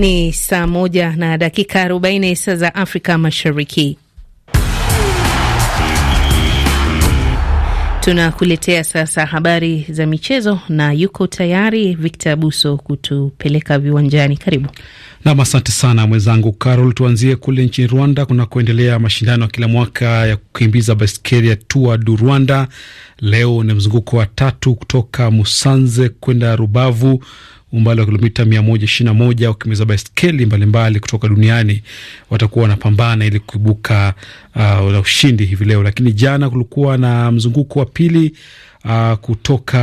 Ni saa moja na dakika arobaini saa za Afrika Mashariki. Tunakuletea sasa habari za michezo na yuko tayari Victor Buso kutupeleka viwanjani. Karibu nam. Asante sana mwenzangu Carol. Tuanzie kule nchini Rwanda kunakoendelea mashindano ya kila mwaka ya kukimbiza baiskeli ya Tour du Rwanda. Leo ni mzunguko wa tatu kutoka Musanze kwenda Rubavu umbali wa kilomita 121 wakimbiza baiskeli mbalimbali kutoka duniani watakuwa wanapambana ili kuibuka uh, na ushindi hivi leo. Lakini jana kulikuwa na mzunguko wa pili uh, kutoka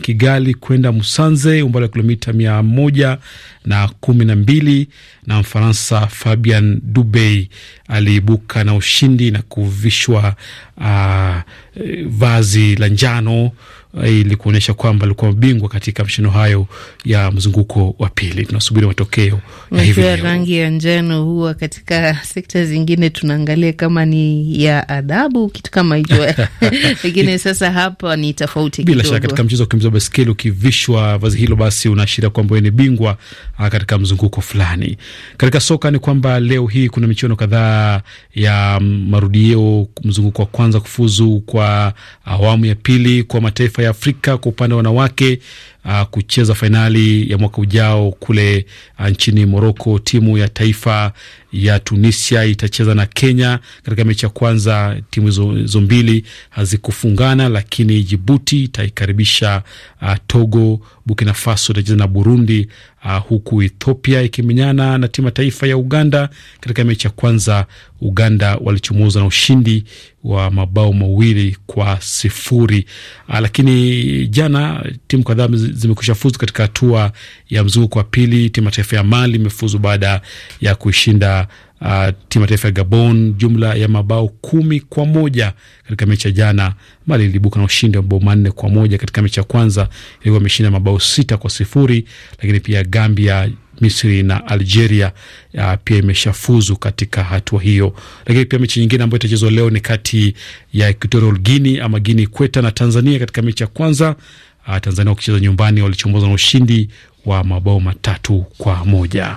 Kigali kwenda Musanze umbali wa kilomita mia moja na kumi na mbili na Mfaransa Fabian Dubey aliibuka na ushindi na kuvishwa uh, vazi la njano Eh, ili kuonyesha kwamba alikuwa mabingwa katika mashindano hayo ya mzunguko wa pili. Tunasubiri matokeo ya hivi leo. Rangi ya njano huwa katika sekta zingine tunaangalia kama ni ya adabu, kitu kama hicho lakini sasa hapa ni tofauti kidogo. Bila shaka katika mchezo wa kukimbiza baiskeli, ukivishwa vazi hilo, basi unaashiria kwamba wewe ni bingwa ah, katika mzunguko fulani. Katika soka ni kwamba leo hii kuna michuano kadhaa ya marudio, mzunguko wa kwanza kufuzu kwa awamu ya pili kwa mataifa mataifa ya Afrika kwa upande wa wanawake uh, kucheza fainali ya mwaka ujao kule uh, nchini Moroko. Timu ya taifa ya Tunisia itacheza na Kenya katika mechi ya kwanza. Timu hizo mbili hazikufungana, lakini Jibuti itaikaribisha uh, Togo. Burkina Faso itacheza na Burundi, uh, huku Ethiopia ikimenyana na timu ya taifa ya Uganda katika mechi ya kwanza. Uganda walichomoza na ushindi wa mabao mawili kwa sifuri. Uh, lakini jana timu kadhaa zimekusha fuzu katika hatua ya mzunguko wa pili. Timu ya taifa ya Mali imefuzu baada ya kuishinda uh, timu ya taifa ya Gabon jumla ya mabao kumi kwa moja katika mechi ya jana. Mali ilibuka na ushindi wa mabao manne kwa moja katika mechi ya kwanza, ilikuwa imeshinda mabao sita kwa sifuri, lakini pia Gambia Misri na Algeria uh, pia imeshafuzu katika hatua hiyo. Lakini pia mechi nyingine ambayo itachezwa leo ni kati ya Equatorial Guinea ama Guinea Ikweta na Tanzania katika mechi ya kwanza. Uh, Tanzania wakicheza nyumbani walichomoza na ushindi wa mabao matatu kwa moja.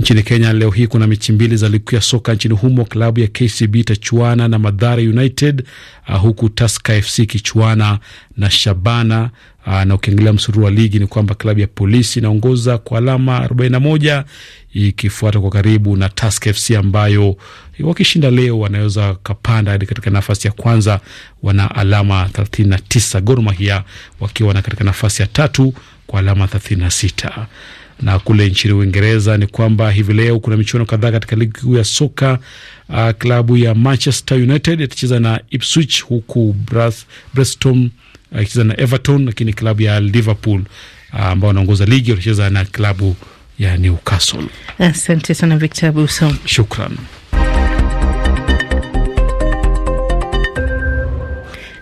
Nchini Kenya leo hii kuna mechi mbili za ligi ya soka nchini humo. Klabu ya KCB itachuana na Madhara United, uh, huku Tusker FC ikichuana na Shabana. Uh, na ukiangalia msururu wa ligi ni kwamba klabu ya Polisi inaongoza kwa alama 41 ikifuata kwa karibu na Tusker FC ambayo wakishinda leo wanaweza kapanda hadi katika nafasi ya kwanza, wana alama 39. Gor Mahia wakiwa na katika nafasi ya tatu kwa alama 36. Na kule nchini Uingereza ni kwamba hivi leo kuna michuano kadhaa katika ligi kuu ya soka. Uh, klabu ya Manchester United itacheza na Ipswich huku Preston akicheza ah, uh, na Everton, lakini klabu ya Liverpool ah, ambao uh, wanaongoza ligi watacheza na klabu ya Newcastle. Asante sana Victor Buso, shukran.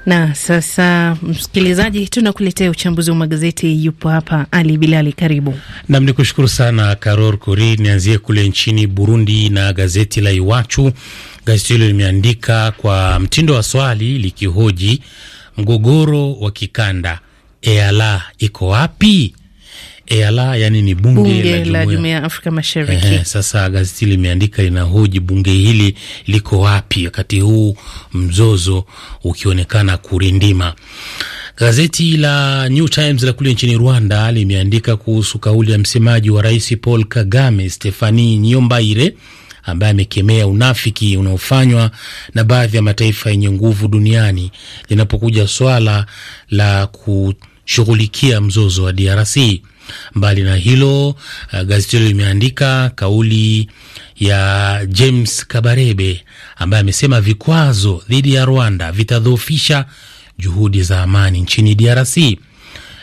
Na sasa, msikilizaji, tunakuletea uchambuzi wa magazeti. Yupo hapa Ali Bilali, karibu nam. Ni kushukuru sana Karor kuri Nianzie kule nchini Burundi na gazeti la Iwachu. Gazeti hilo limeandika kwa mtindo wa swali likihoji mgogoro wa kikanda, EALA iko wapi? EALA yani ni bunge, bunge la jumuiya ya Afrika Mashariki. Ehe, sasa gazeti limeandika inahoji bunge hili liko wapi wakati huu mzozo ukionekana kurindima. Gazeti la New Times la kule nchini Rwanda limeandika kuhusu kauli ya msemaji wa rais Paul Kagame, Stefani Nyombaire ambaye amekemea unafiki unaofanywa na baadhi ya mataifa yenye nguvu duniani linapokuja swala la kushughulikia mzozo wa DRC. Mbali na hilo, uh, gazeti hilo limeandika kauli ya James Kabarebe ambaye amesema vikwazo dhidi ya Rwanda vitadhoofisha juhudi za amani nchini DRC.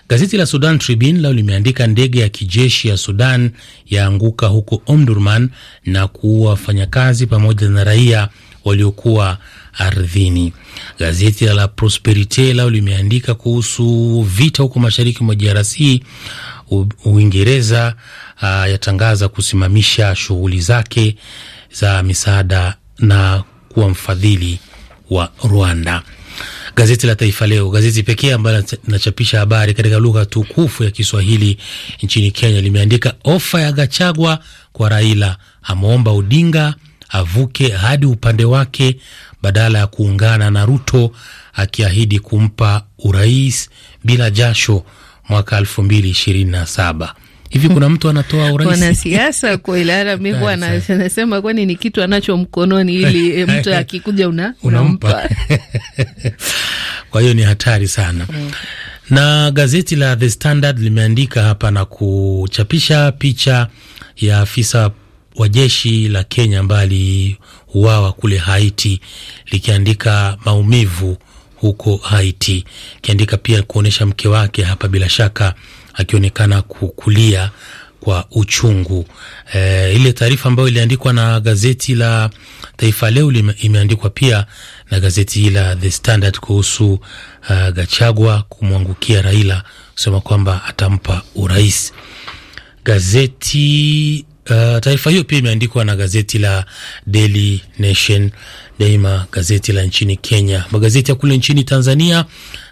Gazeti la Sudan Tribune lao limeandika ndege ya kijeshi ya Sudan yaanguka huko Omdurman na kuua wafanyakazi pamoja na raia waliokuwa ardhini. Gazeti la Prosperite lao limeandika kuhusu vita huko mashariki mwa DRC Uingereza uh, yatangaza kusimamisha shughuli zake za misaada na kuwa mfadhili wa Rwanda. Gazeti la Taifa Leo, gazeti pekee ambalo linachapisha habari katika lugha tukufu ya Kiswahili nchini Kenya, limeandika ofa ya Gachagwa kwa Raila, ameomba Odinga avuke hadi upande wake badala ya kuungana na Ruto, akiahidi kumpa urais bila jasho mwaka elfu mbili ishirini na saba. Hivi kuna mtu anatoa urais mwanasiasa kwa anasema kwani ni kitu anacho mkononi, ili eh, mtu akikuja una, unampa kwa hiyo ni hatari sana mm. Na gazeti la The Standard limeandika hapa na kuchapisha picha ya afisa wa jeshi la Kenya ambaye aliuawa kule Haiti likiandika maumivu huko Haiti, akiandika pia kuonyesha mke wake hapa, bila shaka akionekana kukulia kwa uchungu. E, ile taarifa ambayo iliandikwa na gazeti la Taifa Leo imeandikwa pia na gazeti la The Standard kuhusu uh, Gachagua kumwangukia Raila, kusema kwamba atampa urais. Gazeti uh, eh, taarifa hiyo pia imeandikwa na gazeti la Daily Nation Daima, gazeti la nchini Kenya. Magazeti ya kule nchini Tanzania,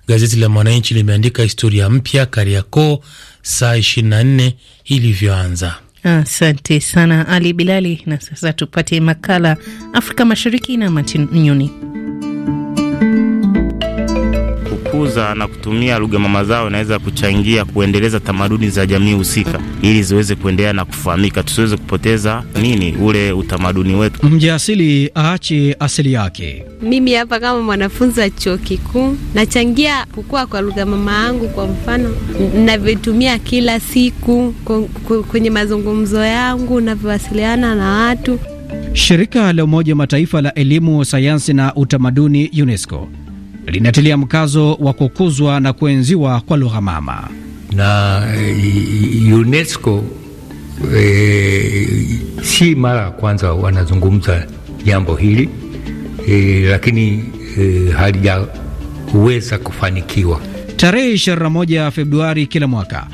gazeti la Mwananchi limeandika historia mpya Kariakoo saa 24 ilivyoanza. Asante sana Ali Bilali, na sasa tupate makala Afrika Mashariki na Matinyuni. Kukuza na kutumia lugha mama zao inaweza kuchangia kuendeleza tamaduni za jamii husika ili ziweze kuendelea na kufahamika, tusiweze kupoteza nini ule utamaduni wetu. Mjasili aache asili yake. Mimi hapa kama mwanafunzi wa chuo kikuu nachangia kukua kwa lugha mama yangu, kwa mfano navyotumia kila siku kwenye mazungumzo yangu, navyowasiliana na watu. Shirika la Umoja wa Mataifa la Elimu, Sayansi na Utamaduni, UNESCO linatilia mkazo wa kukuzwa na kuenziwa kwa lugha mama na eh, UNESCO e, si mara ya kwanza wanazungumza jambo hili e, lakini e, halijaweza kufanikiwa. Tarehe 21 Februari kila mwaka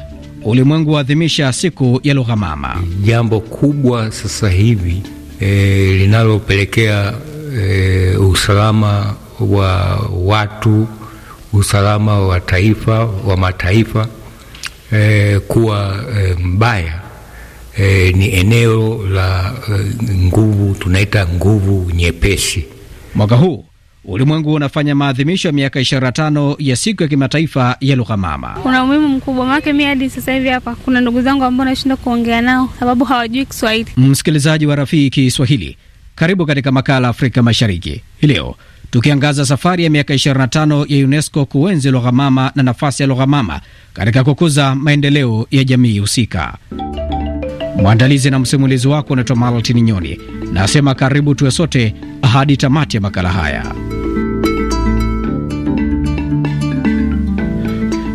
ulimwengu huadhimisha siku ya lugha mama. Jambo kubwa sasa hivi e, linalopelekea e, usalama wa watu, usalama wa taifa, wa mataifa eh, kuwa eh, mbaya eh, ni eneo la eh, nguvu tunaita nguvu nyepesi. Mwaka huu ulimwengu unafanya maadhimisho ya miaka 25 ya siku ya kimataifa ya lugha mama. Kuna umuhimu mkubwa maanake, mi hadi sasa hivi hapa kuna ndugu zangu ambao nashinda kuongea nao sababu hawajui Kiswahili. Msikilizaji wa rafiki Kiswahili, karibu katika makala Afrika Mashariki hii leo tukiangaza safari ya miaka 25 ya UNESCO kuenzi lugha mama na nafasi ya lugha mama katika kukuza maendeleo ya jamii husika. Mwandalizi na msimulizi wako unaitwa Maltini Nyoni, nasema karibu tuwe sote hadi tamati ya makala haya.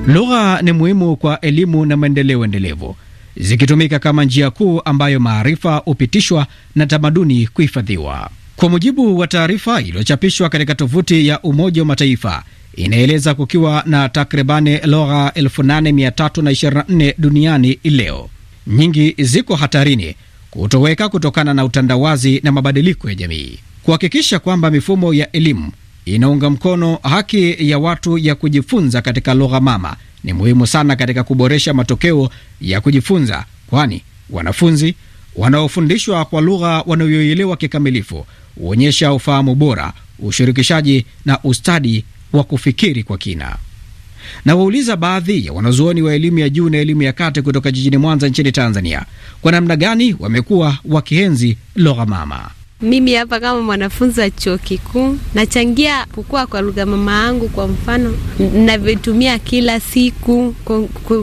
Lugha ni muhimu kwa elimu na maendeleo endelevu, zikitumika kama njia kuu ambayo maarifa hupitishwa na tamaduni kuhifadhiwa. Kwa mujibu wa taarifa iliyochapishwa katika tovuti ya Umoja wa Mataifa, inaeleza kukiwa na takribani lugha 8324 duniani leo. Nyingi ziko hatarini kutoweka kutokana na utandawazi na mabadiliko ya jamii. Kuhakikisha kwamba mifumo ya elimu inaunga mkono haki ya watu ya kujifunza katika lugha mama ni muhimu sana katika kuboresha matokeo ya kujifunza, kwani wanafunzi wanaofundishwa kwa lugha wanayoielewa kikamilifu huonyesha ufahamu bora, ushirikishaji na ustadi wa kufikiri kwa kina. Nawauliza baadhi ya wanazuoni wa elimu ya juu na elimu ya kati kutoka jijini Mwanza nchini Tanzania, kwa namna gani wamekuwa wakienzi lugha mama. Mimi hapa kama mwanafunzi wa chuo kikuu nachangia kukua kwa lugha mama yangu. Kwa mfano, navyoitumia kila siku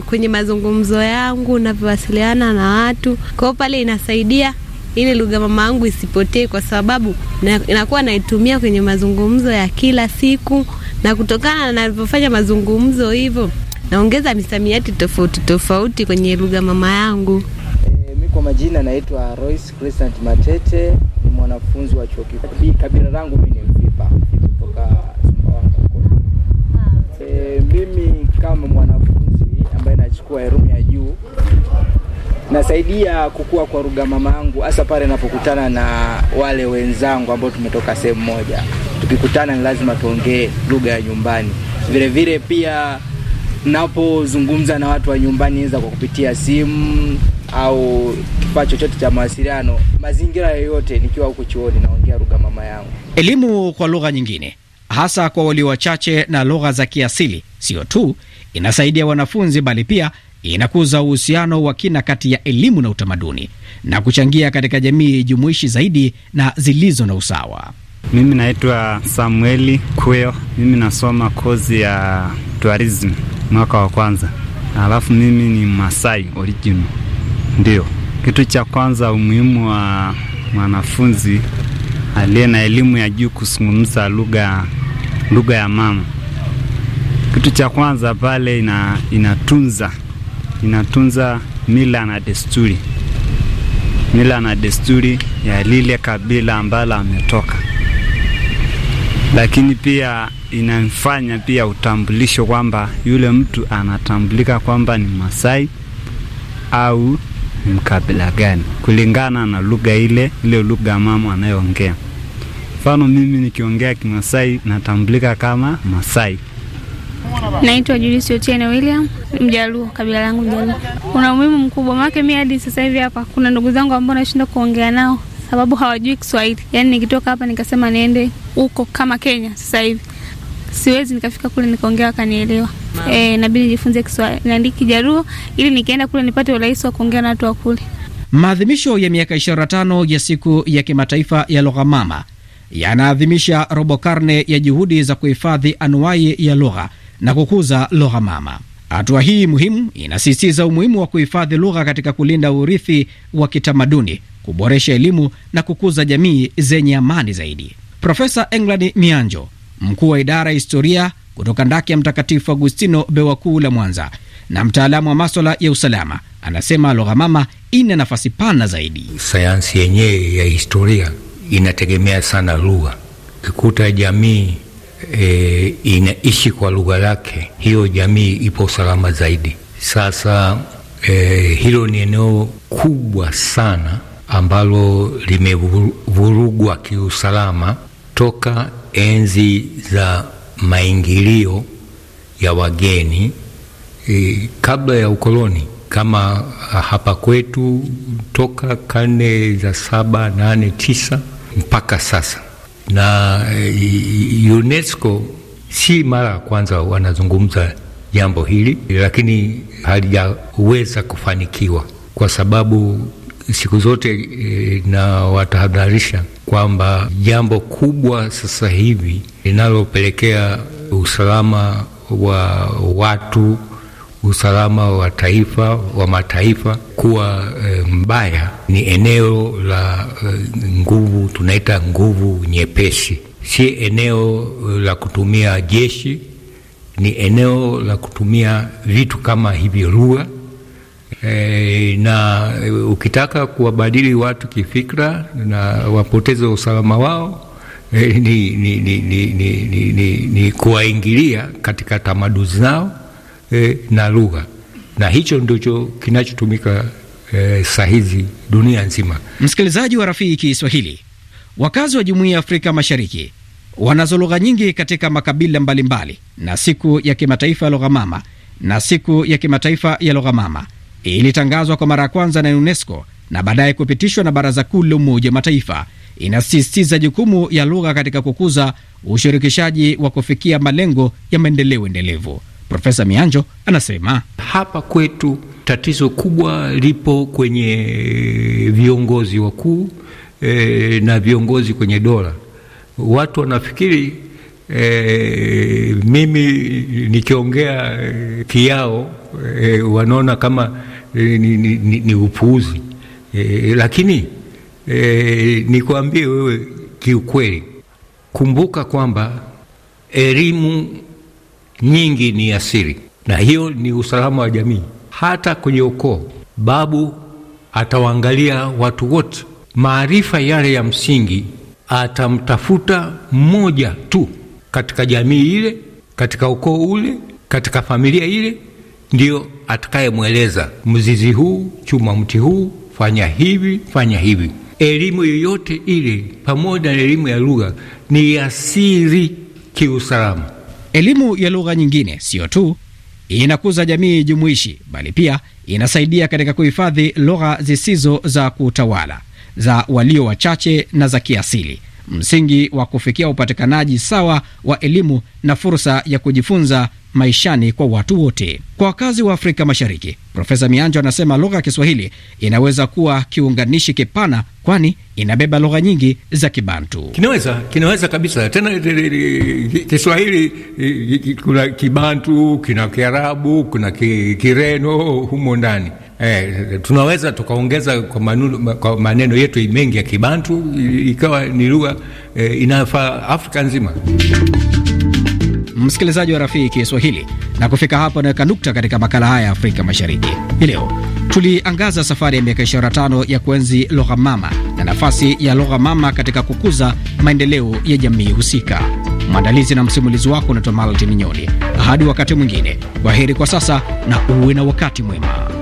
kwenye mazungumzo yangu, navyowasiliana na watu kwao, pale inasaidia ile lugha mama yangu isipotee, kwa sababu inakuwa na, naitumia kwenye mazungumzo ya kila siku, na kutokana na nilivyofanya mazungumzo hivyo naongeza misamiati tofauti tofauti kwenye lugha mama yangu. E, mi kwa majina naitwa Royce Crescent Matete, mwanafunzi wa chuo kikuu. Kabila langu mi ni Mfipa kutoka Sumbawanga huko. Eh, e, mimi kama mwanafunzi ambaye nachukua elimu ya juu nasaidia kukua kwa lugha mama yangu, hasa pale napokutana na wale wenzangu ambao tumetoka sehemu moja. Tukikutana ni lazima tuongee lugha ya nyumbani. Vile vile pia napozungumza na watu wa nyumbani, naweza kwa kupitia simu au kifaa chochote cha mawasiliano, mazingira yoyote, nikiwa huko chuoni, naongea lugha mama yangu. Elimu kwa lugha nyingine, hasa kwa walio wachache na lugha za kiasili, sio tu inasaidia wanafunzi, bali pia inakuza uhusiano wa kina kati ya elimu na utamaduni na kuchangia katika jamii jumuishi zaidi na zilizo na usawa. Mimi naitwa Samueli Kweo, mimi nasoma kozi ya tourism mwaka wa kwanza, alafu mimi ni Masai original. Ndio kitu cha kwanza, umuhimu wa mwanafunzi aliye na elimu ya juu kuzungumza lugha lugha ya mama. Kitu cha kwanza pale ina, inatunza inatunza mila na desturi, mila na desturi ya lile kabila ambalo ametoka, lakini pia inamfanya pia utambulisho kwamba yule mtu anatambulika kwamba ni Masai au ni mkabila gani kulingana na lugha ile ile lugha mama anayoongea. Mfano, mimi nikiongea Kimasai natambulika kama Masai. Naitwa Julius Otieno William, Mjaluo, kabila langu Mjaluo. Kuna umuhimu mkubwa, maanake mi hadi sasa hivi hapa kuna ndugu zangu ambao nashinda kuongea nao sababu hawajui Kiswahili. Yaani nikitoka hapa nikasema niende huko kama Kenya, sasa hivi siwezi nikafika kule nikaongea wakanielewa. E, eh, nabidi nijifunze Kiswahili niandike Kijaruo ili nikienda kule nipate urahisi wa kuongea na watu wa kule. Maadhimisho ya miaka 25 ya siku ya kimataifa ya lugha mama yanaadhimisha robo karne ya juhudi za kuhifadhi anuwai ya lugha na kukuza lugha mama. Hatua hii muhimu inasisitiza umuhimu wa kuhifadhi lugha katika kulinda urithi wa kitamaduni, kuboresha elimu na kukuza jamii zenye amani zaidi. Profesa England Mianjo, mkuu wa idara ya historia kutoka ndaki ya Mtakatifu Agustino bewa kuu la Mwanza na mtaalamu wa maswala ya usalama, anasema lugha mama ina nafasi pana zaidi. Sayansi yenyewe ya historia inategemea sana lugha. Ukikuta jamii e, inaishi kwa lugha yake, hiyo jamii ipo salama zaidi. Sasa e, hilo ni eneo kubwa sana ambalo limevurugwa kiusalama toka enzi za maingilio ya wageni e, kabla ya ukoloni kama ah, hapa kwetu toka karne za saba, nane, tisa mpaka sasa na eh, UNESCO si mara ya kwanza wanazungumza jambo hili, lakini halijaweza kufanikiwa kwa sababu siku zote e, eh, na watahadharisha kwamba jambo kubwa sasa hivi linalopelekea usalama wa watu usalama wa taifa wa mataifa kuwa e, mbaya. Ni eneo la e, nguvu, tunaita nguvu nyepesi, si eneo la kutumia jeshi, ni eneo la kutumia vitu kama hivyo lugha e, na ukitaka kuwabadili watu kifikra na wapoteze usalama wao e, ni, ni, ni, ni, ni, ni, ni kuwaingilia katika tamaduni zao e, na lugha, na hicho ndicho kinachotumika e, sahizi hizi dunia nzima. Msikilizaji wa rafiki Kiswahili, wakazi wa jumuiya ya Afrika Mashariki wanazo lugha nyingi katika makabila mbalimbali mbali, na siku ya kimataifa ya lugha mama na siku ya kimataifa ya lugha mama ilitangazwa kwa mara ya kwanza na UNESCO na baadaye kupitishwa na Baraza Kuu la Umoja wa Mataifa. Inasisitiza jukumu ya lugha katika kukuza ushirikishaji wa kufikia malengo ya maendeleo endelevu. Profesa Mianjo anasema hapa kwetu tatizo kubwa lipo kwenye viongozi wakuu e, na viongozi kwenye dola. Watu wanafikiri e, mimi nikiongea eh, kiao e, wanaona kama e, ni, ni, ni upuuzi e, lakini e, nikuambie wewe kiukweli, kumbuka kwamba elimu nyingi ni asiri, na hiyo ni usalama wa jamii. Hata kwenye ukoo, babu atawaangalia watu wote, maarifa yale ya msingi atamtafuta mmoja tu katika jamii ile, katika ukoo ule, katika familia ile, ndiyo atakayemweleza mzizi huu, chuma mti huu, fanya hivi, fanya hivi. Elimu yoyote ile, pamoja na elimu ya lugha, ni asiri kiusalama. Elimu ya lugha nyingine sio tu inakuza jamii jumuishi, bali pia inasaidia katika kuhifadhi lugha zisizo za kutawala za walio wachache na za kiasili, msingi wa kufikia upatikanaji sawa wa elimu na fursa ya kujifunza maishani kwa watu wote. Kwa wakazi wa Afrika Mashariki, Profesa Mianjo anasema lugha ya Kiswahili inaweza kuwa kiunganishi kipana, kwani inabeba lugha nyingi za Kibantu. Kinaweza, kinaweza kabisa. Tena eh, eh, eh, Kiswahili kuna Kibantu, kuna Kiarabu, kuna Kireno humo ndani. Eh, tunaweza tukaongeza kwa, kwa maneno yetu mengi ya Kibantu ikawa ni lugha eh, inafaa Afrika nzima msikilizaji wa rafiki Kiswahili, na kufika hapa unaweka nukta katika makala haya ya Afrika Mashariki hii leo. Tuliangaza safari ya miaka 25 ya kuenzi lugha mama na nafasi ya lugha mama katika kukuza maendeleo ya jamii husika. Mwandalizi na msimulizi wako unaitwa Maltin Nyoni. Hadi wakati mwingine, waheri kwa sasa na uwe na wakati mwema.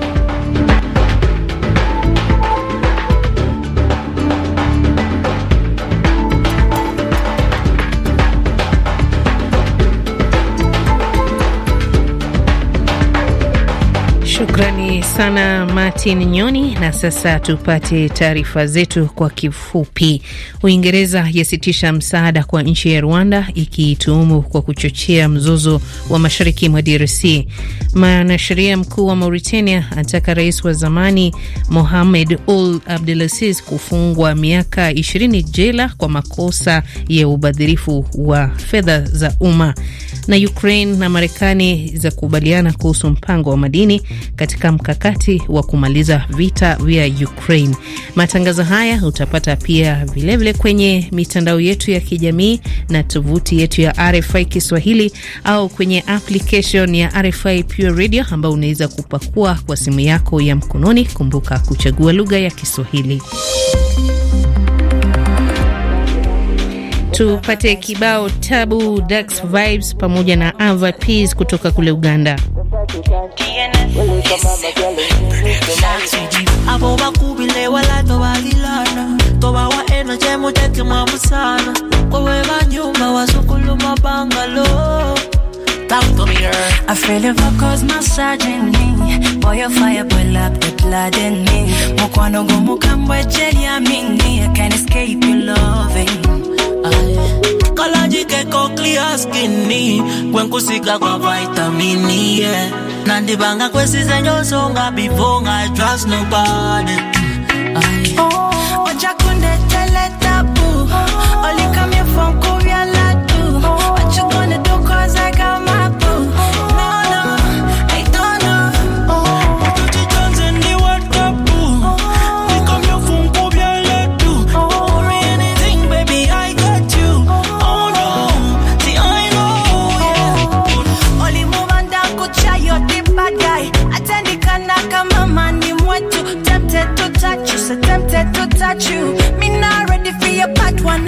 Ucrania. sana Martin Nyoni. Na sasa tupate taarifa zetu kwa kifupi. Uingereza yasitisha msaada kwa nchi ya Rwanda ikiituhumu kwa kuchochea mzozo wa mashariki mwa DRC. Mwanasheria mkuu wa Mauritania ataka rais wa zamani Mohamed Ul Abdelaziz kufungwa miaka 20 jela kwa makosa ya ubadhirifu wa fedha za umma. Na Ukraine na Marekani za kuhusu mpango wa madini katika mkakati wa kumaliza vita vya Ukraine. Matangazo haya utapata pia vilevile vile kwenye mitandao yetu ya kijamii na tovuti yetu ya RFI Kiswahili au kwenye application ya RFI Pure Radio ambayo unaweza kupakua kwa simu yako ya mkononi. Kumbuka kuchagua lugha ya Kiswahili. Tupate kibao tabu Dax Vibes pamoja na Ava kutoka kule Uganda. abo bakubile walato balilana tobawa eno kyemutekemwa musana kwewe banyumba wazukulu mabangalo Talk to me, girl. I feel it cause massaging me. Boy, your fire boil up the blood in me. Mukwano go mukambwe cheli ya mini. I can't escape you yaskini kwenkusika kwa vitamini e, yeah. nandibanga kwesize nyosonga before I trust nobody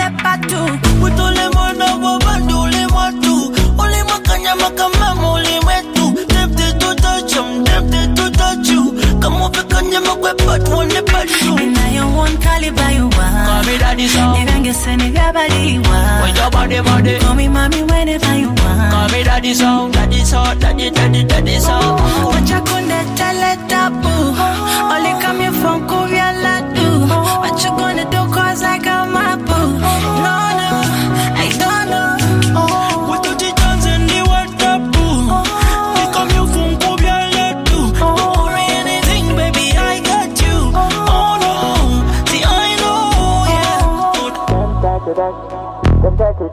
n'est pas tout. Utolemwa na wabandu ulemwa tu. Ulemwa kanyama kama one caliber you are. Call me daddy so. your body body. Call me mommy whenever you want. Call me daddy so, daddy so, daddy daddy daddy so. Wacha kunde tele tabu. Only come here from Korea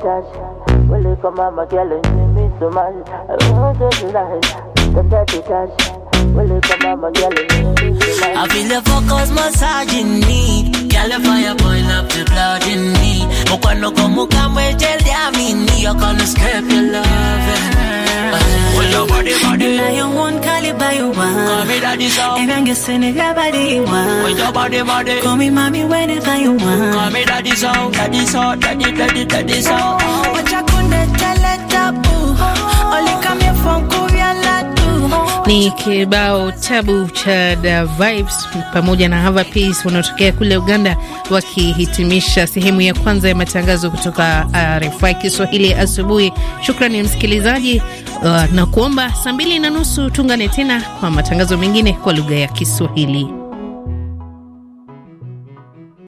cash. you come on my girl, and give me so much. I want to life, the dirty cash. you come on my girl, and you me so much. I feel the focus massage in me. Girl, fire point up the blood in me. But when I come, come, wait till they are You're gonna scrape your love. Eh daddy's send it, everybody baliwa body body, call me mommy whenever you want daddy's daddy's daddy's daddy, daddy, wachakundeteletabu olikamye fonku Ni kibao tabu cha Da Vibes pamoja na hava Peace wanaotokea kule Uganda, wakihitimisha sehemu ya kwanza ya matangazo kutoka uh, RFI Kiswahili asubuhi. Shukrani msikilizaji, uh, na kuomba saa mbili na nusu tuungane tena kwa matangazo mengine kwa lugha ya Kiswahili.